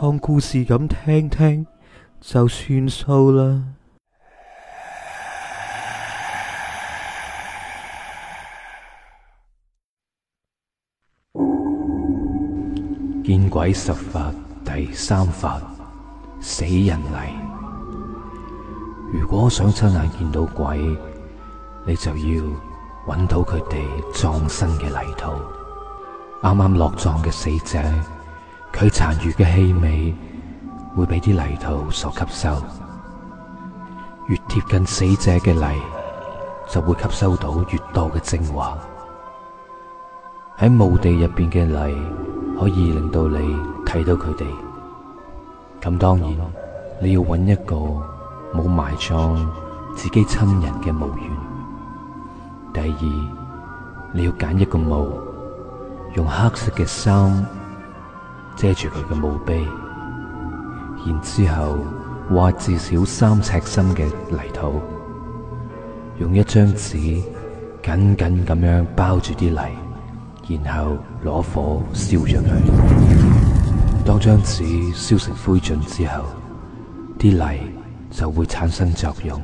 當故事咁聽聽就算數啦。見鬼十法第三法，死人泥。如果想親眼見到鬼，你就要搵到佢哋葬身嘅泥土。啱啱落葬嘅死者。殘餘嘅氣味會俾啲泥土所吸收，越貼近死者嘅泥就會吸收到越多嘅精華。喺墓地入邊嘅泥可以令到你睇到佢哋。咁當然你要揾一個冇埋葬自己親人嘅墓園。第二，你要揀一個墓，用黑色嘅衫。遮住佢嘅墓碑，然之後挖至少三尺深嘅泥土，用一張紙緊緊咁樣包住啲泥，然後攞火燒著佢。當張紙燒成灰燼之後，啲泥就會產生作用。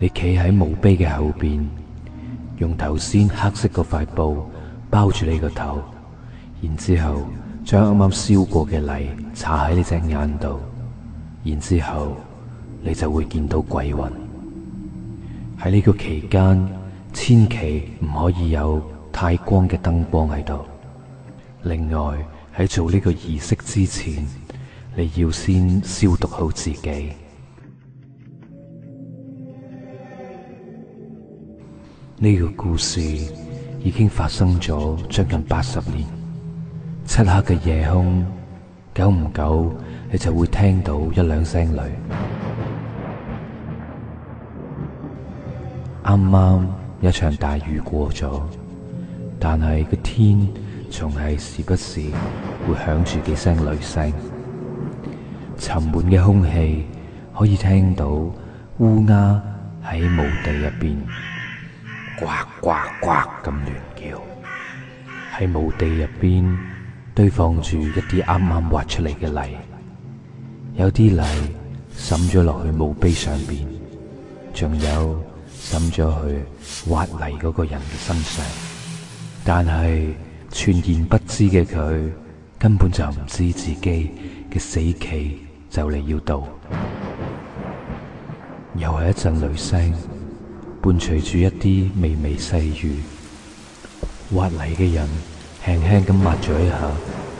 你企喺墓碑嘅後邊，用頭先黑色嗰塊布包住你個頭，然之後。將啱啱燒過嘅泥搽喺你隻眼度，然之後你就會見到鬼魂。喺呢個期間，千祈唔可以有太光嘅燈光喺度。另外，喺做呢個儀式之前，你要先消毒好自己。呢、這個故事已經發生咗將近八十年。漆黑嘅夜空，久唔久你就會聽到一兩聲雷。啱啱一場大雨過咗，但係個天仲係時不時會響住幾聲雷聲。沉悶嘅空氣可以聽到烏鴉喺墓地入邊呱呱呱咁亂叫，喺墓地入邊。堆放住一啲啱啱挖出嚟嘅泥，有啲泥滲咗落去墓碑上邊，仲有滲咗去挖泥嗰個人嘅身上。但係全然不知嘅佢，根本就唔知自己嘅死期就嚟要到。又係一陣雷聲，伴隨住一啲微微細雨，挖泥嘅人。輕輕咁抹咗一下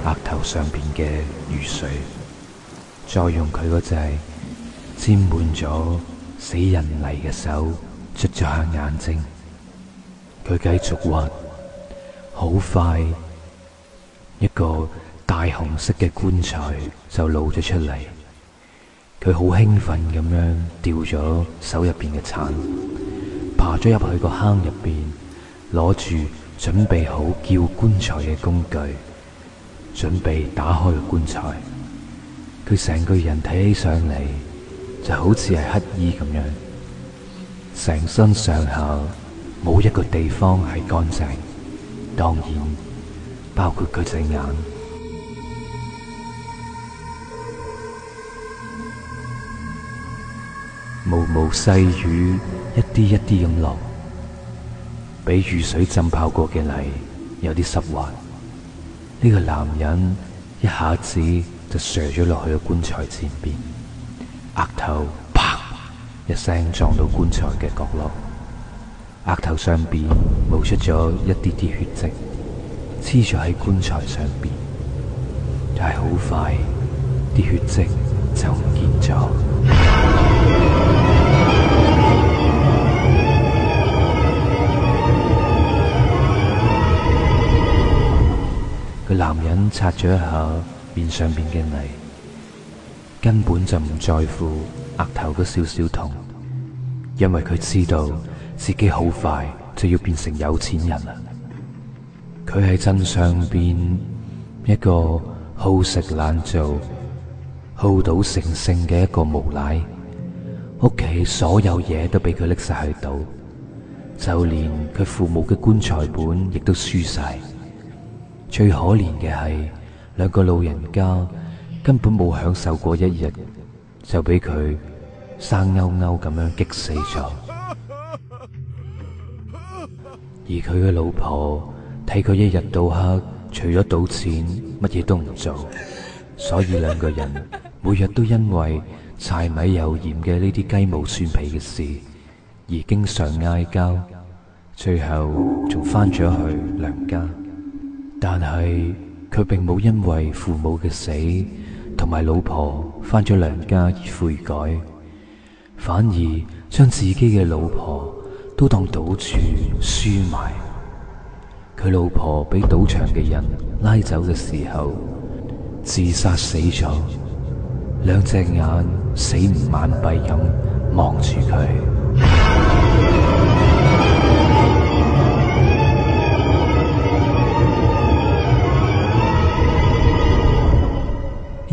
額頭上邊嘅雨水，再用佢嗰隻沾滿咗死人泥嘅手捽咗下眼睛。佢繼續挖。好快，一個大紅色嘅棺材就露咗出嚟。佢好興奮咁樣掉咗手入邊嘅鏟，爬咗入去個坑入邊，攞住。準備好叫棺材嘅工具，準備打開個棺材。佢成個人睇起上嚟就好似係乞衣咁樣，成身上下冇一個地方係乾淨，當然包括佢隻眼。毛毛細雨一啲一啲咁落。俾雨水浸泡過嘅泥有啲濕滑，呢、這個男人一下子就射咗落去個棺材前邊，額頭啪一聲撞到棺材嘅角落，額頭上邊冒出咗一啲啲血跡，黐咗喺棺材上邊，但係好快，啲血跡就唔見咗。佢男人擦咗一下面上邊嘅泥，根本就唔在乎額頭嘅少少痛，因為佢知道自己好快就要變成有錢人啦。佢喺鎮上邊一個好食懶做、好賭成性嘅一個無賴，屋企所有嘢都俾佢拎晒去賭，就連佢父母嘅棺材本亦都輸晒。最可憐嘅係，兩個老人家根本冇享受過一日，就俾佢生勾勾咁樣激死咗。而佢嘅老婆睇佢一日到黑，除咗賭錢，乜嘢都唔做，所以兩個人每日都因為柴米油鹽嘅呢啲雞毛蒜皮嘅事而經常嗌交，最後仲翻咗去娘家。但係，佢並冇因為父母嘅死同埋老婆翻咗娘家而悔改，反而將自己嘅老婆都當賭注輸埋。佢老婆俾賭場嘅人拉走嘅時候，自殺死咗，兩隻眼死唔眼閉咁望住佢。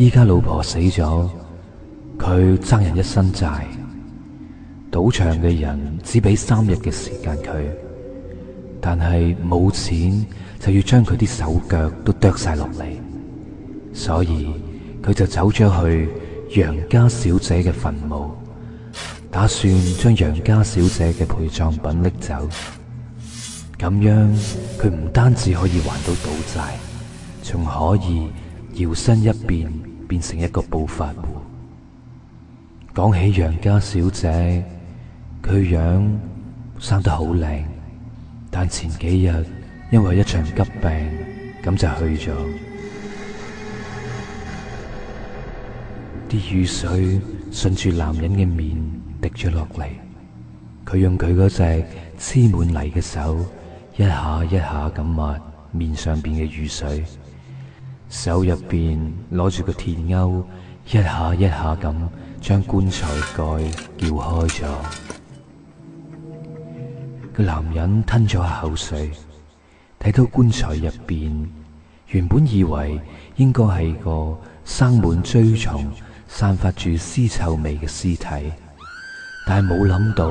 依家老婆死咗，佢爭人一身債，賭場嘅人只俾三日嘅時間佢，但係冇錢就要將佢啲手腳都剁晒落嚟，所以佢就走咗去楊家小姐嘅墳墓，打算將楊家小姐嘅陪葬品拎走，咁樣佢唔單止可以還到賭債，仲可以搖身一變。變成一個暴發戶。講起楊家小姐，佢樣生得好靚，但前幾日因為一場急病，咁就去咗。啲雨水順住男人嘅面滴咗落嚟。佢用佢嗰隻黐滿泥嘅手，一下一下咁抹面上面嘅雨水。手入邊攞住個鐵鈎，一下一下咁將棺材蓋撬開咗。個男人吞咗下口水，睇到棺材入邊，原本以為應該係個生滿蛆蟲、散發住屍臭味嘅屍體，但係冇諗到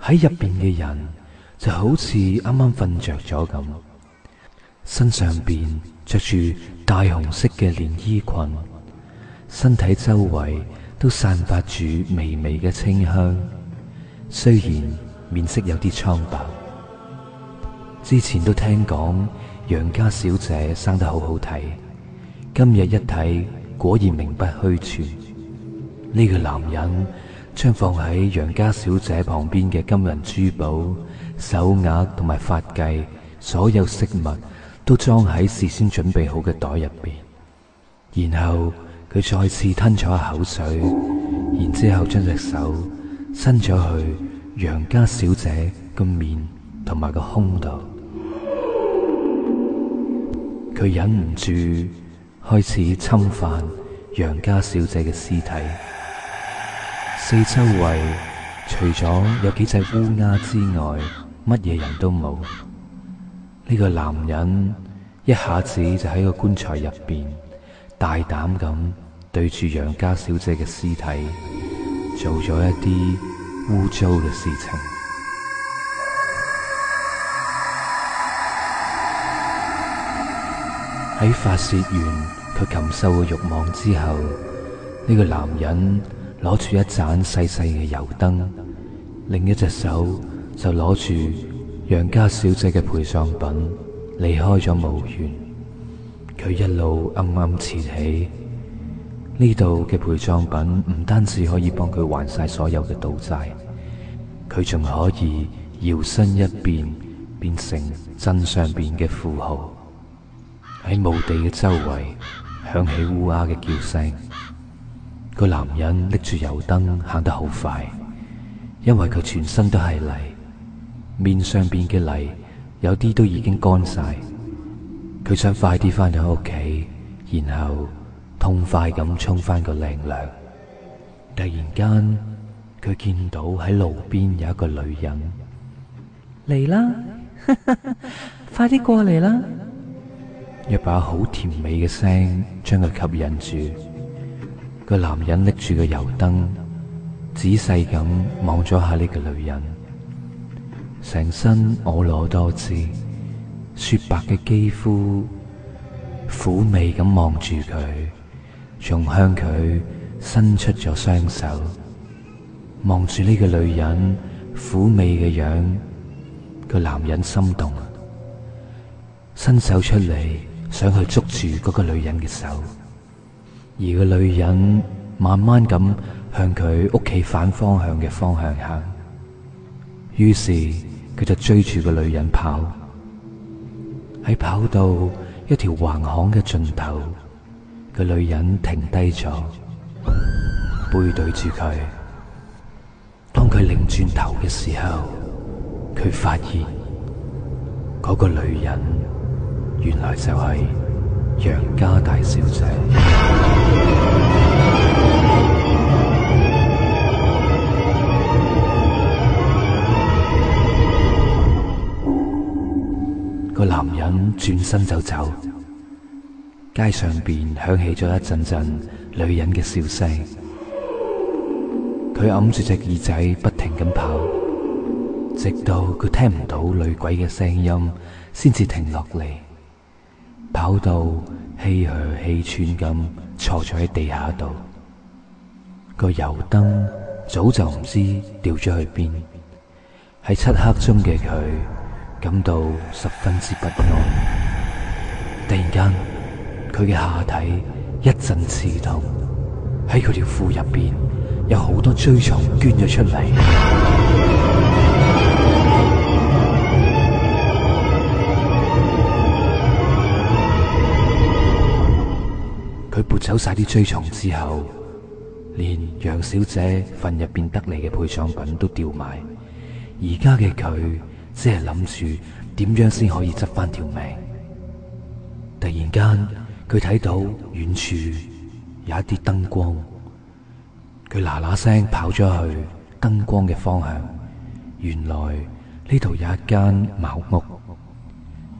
喺入邊嘅人就好似啱啱瞓着咗咁。身上邊着住大紅色嘅連衣裙，身體周圍都散發住微微嘅清香。雖然面色有啲蒼白，之前都聽講楊家小姐生得好好睇，今日一睇果然名不虛傳。呢個男人將放喺楊家小姐旁邊嘅金銀珠寶、手鐲同埋髮髻所有飾物。都裝喺事先準備好嘅袋入邊，然後佢再次吞咗一口水，然之後將隻手伸咗去楊家小姐個面同埋個胸度，佢忍唔住開始侵犯楊家小姐嘅屍體。四周圍除咗有幾隻烏鴉之外，乜嘢人都冇。呢個男人一下子就喺個棺材入邊大膽咁對住楊家小姐嘅屍體做咗一啲污糟嘅事情。喺發泄完佢禽獸嘅慾望之後，呢個男人攞住一盞細細嘅油燈，另一隻手就攞住。楊家小姐嘅陪葬品離開咗墓園，佢一路暗暗竊喜。呢度嘅陪葬品唔單止可以幫佢還晒所有嘅賭債，佢仲可以搖身一變，變成真上邊嘅富豪。喺墓地嘅周圍響起烏鴉嘅叫聲，個男人拎住油燈行得好快，因為佢全身都係泥。面上邊嘅泥有啲都已經乾晒，佢想快啲翻到屋企，然後痛快咁沖翻個靚涼，涼。突然間，佢見到喺路邊有一個女人，嚟啦來了， 快啲過嚟啦！一把好甜美嘅聲將佢吸引住，個男人拎住個油燈，仔細咁望咗下呢個女人。成身婀娜多姿，雪白嘅肌膚，嫵媚咁望住佢，仲向佢伸出咗雙手，望住呢個女人嫵媚嘅樣，個男人心動啊！伸手出嚟，想去捉住嗰個女人嘅手，而個女人慢慢咁向佢屋企反方向嘅方向行。於是佢就追住個女人跑，喺跑到一條橫巷嘅盡頭，個女人停低咗，背對住佢。當佢擰轉頭嘅時候，佢發現嗰個女人原來就係楊家大小姐。 個男人轉身就走，街上邊響起咗一陣陣女人嘅笑聲。佢揞住隻耳仔，不停咁跑，直到佢聽唔到女鬼嘅聲音，先至停落嚟，跑到氣吁氣喘咁坐咗喺地下度。個油燈早就唔知掉咗去邊，喺漆黑中嘅佢。感到十分之不安。突然間佢嘅下體一陣刺痛，喺佢條褲入邊有好多蛆蟲鑽咗出嚟。佢撥 走晒啲蛆蟲之後，連楊小姐墳入邊得嚟嘅陪葬品都掉埋。而家嘅佢。只係諗住點樣先可以執翻條命。突然間佢睇到遠處有一啲燈光，佢嗱嗱聲跑咗去燈光嘅方向。原來呢度有一間茅屋，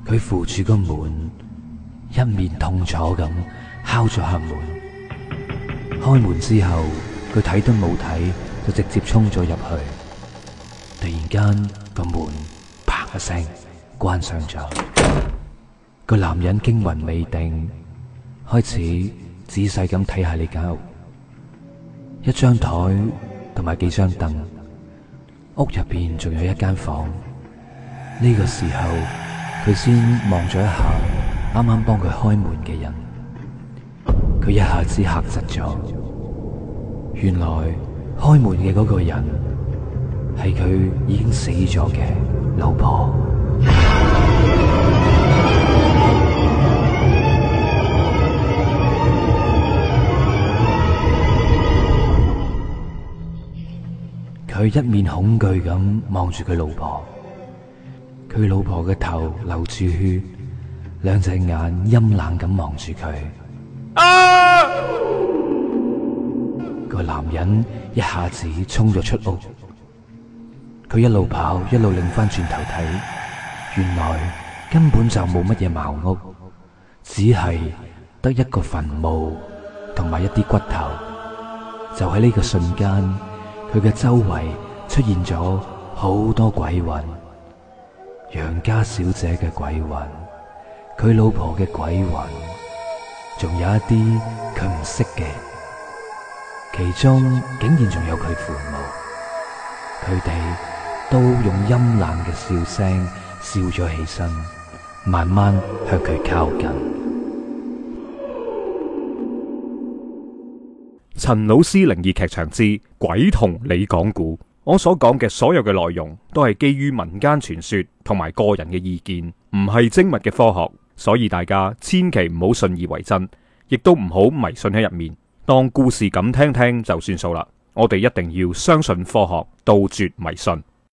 佢扶住個門，一面痛楚咁敲咗下門。開門之後，佢睇都冇睇，就直接衝咗入去。突然間個門。一聲，關上咗。 個男人驚魂未定， 開始仔細咁睇下呢間屋。一張台同埋幾張凳，屋入邊仲有一間房。呢、這個時候，佢先望咗一下啱啱幫佢開門嘅人，佢一下子嚇窒咗。原來開門嘅嗰個人係佢已經死咗嘅老婆，佢一面恐懼咁望住佢老婆，佢老婆嘅頭流住血，兩隻眼陰冷咁望住佢。啊！個男人一下子衝咗出屋。佢一路跑，一路擰翻轉頭睇，原來根本就冇乜嘢茅屋，只係得一個墳墓同埋一啲骨頭。就喺呢個瞬間，佢嘅周圍出現咗好多鬼魂，楊家小姐嘅鬼魂，佢老婆嘅鬼魂，仲有一啲佢唔識嘅，其中竟然仲有佢父母，佢哋。都用陰冷嘅笑聲笑咗起身，慢慢向佢靠近。陳老師靈異劇場之鬼同你講古，我所講嘅所有嘅內容都係基於民間傳說同埋個人嘅意見，唔係精密嘅科學，所以大家千祈唔好信以為真，亦都唔好迷信喺入面，當故事咁聽聽就算數啦。我哋一定要相信科學，杜絕迷信。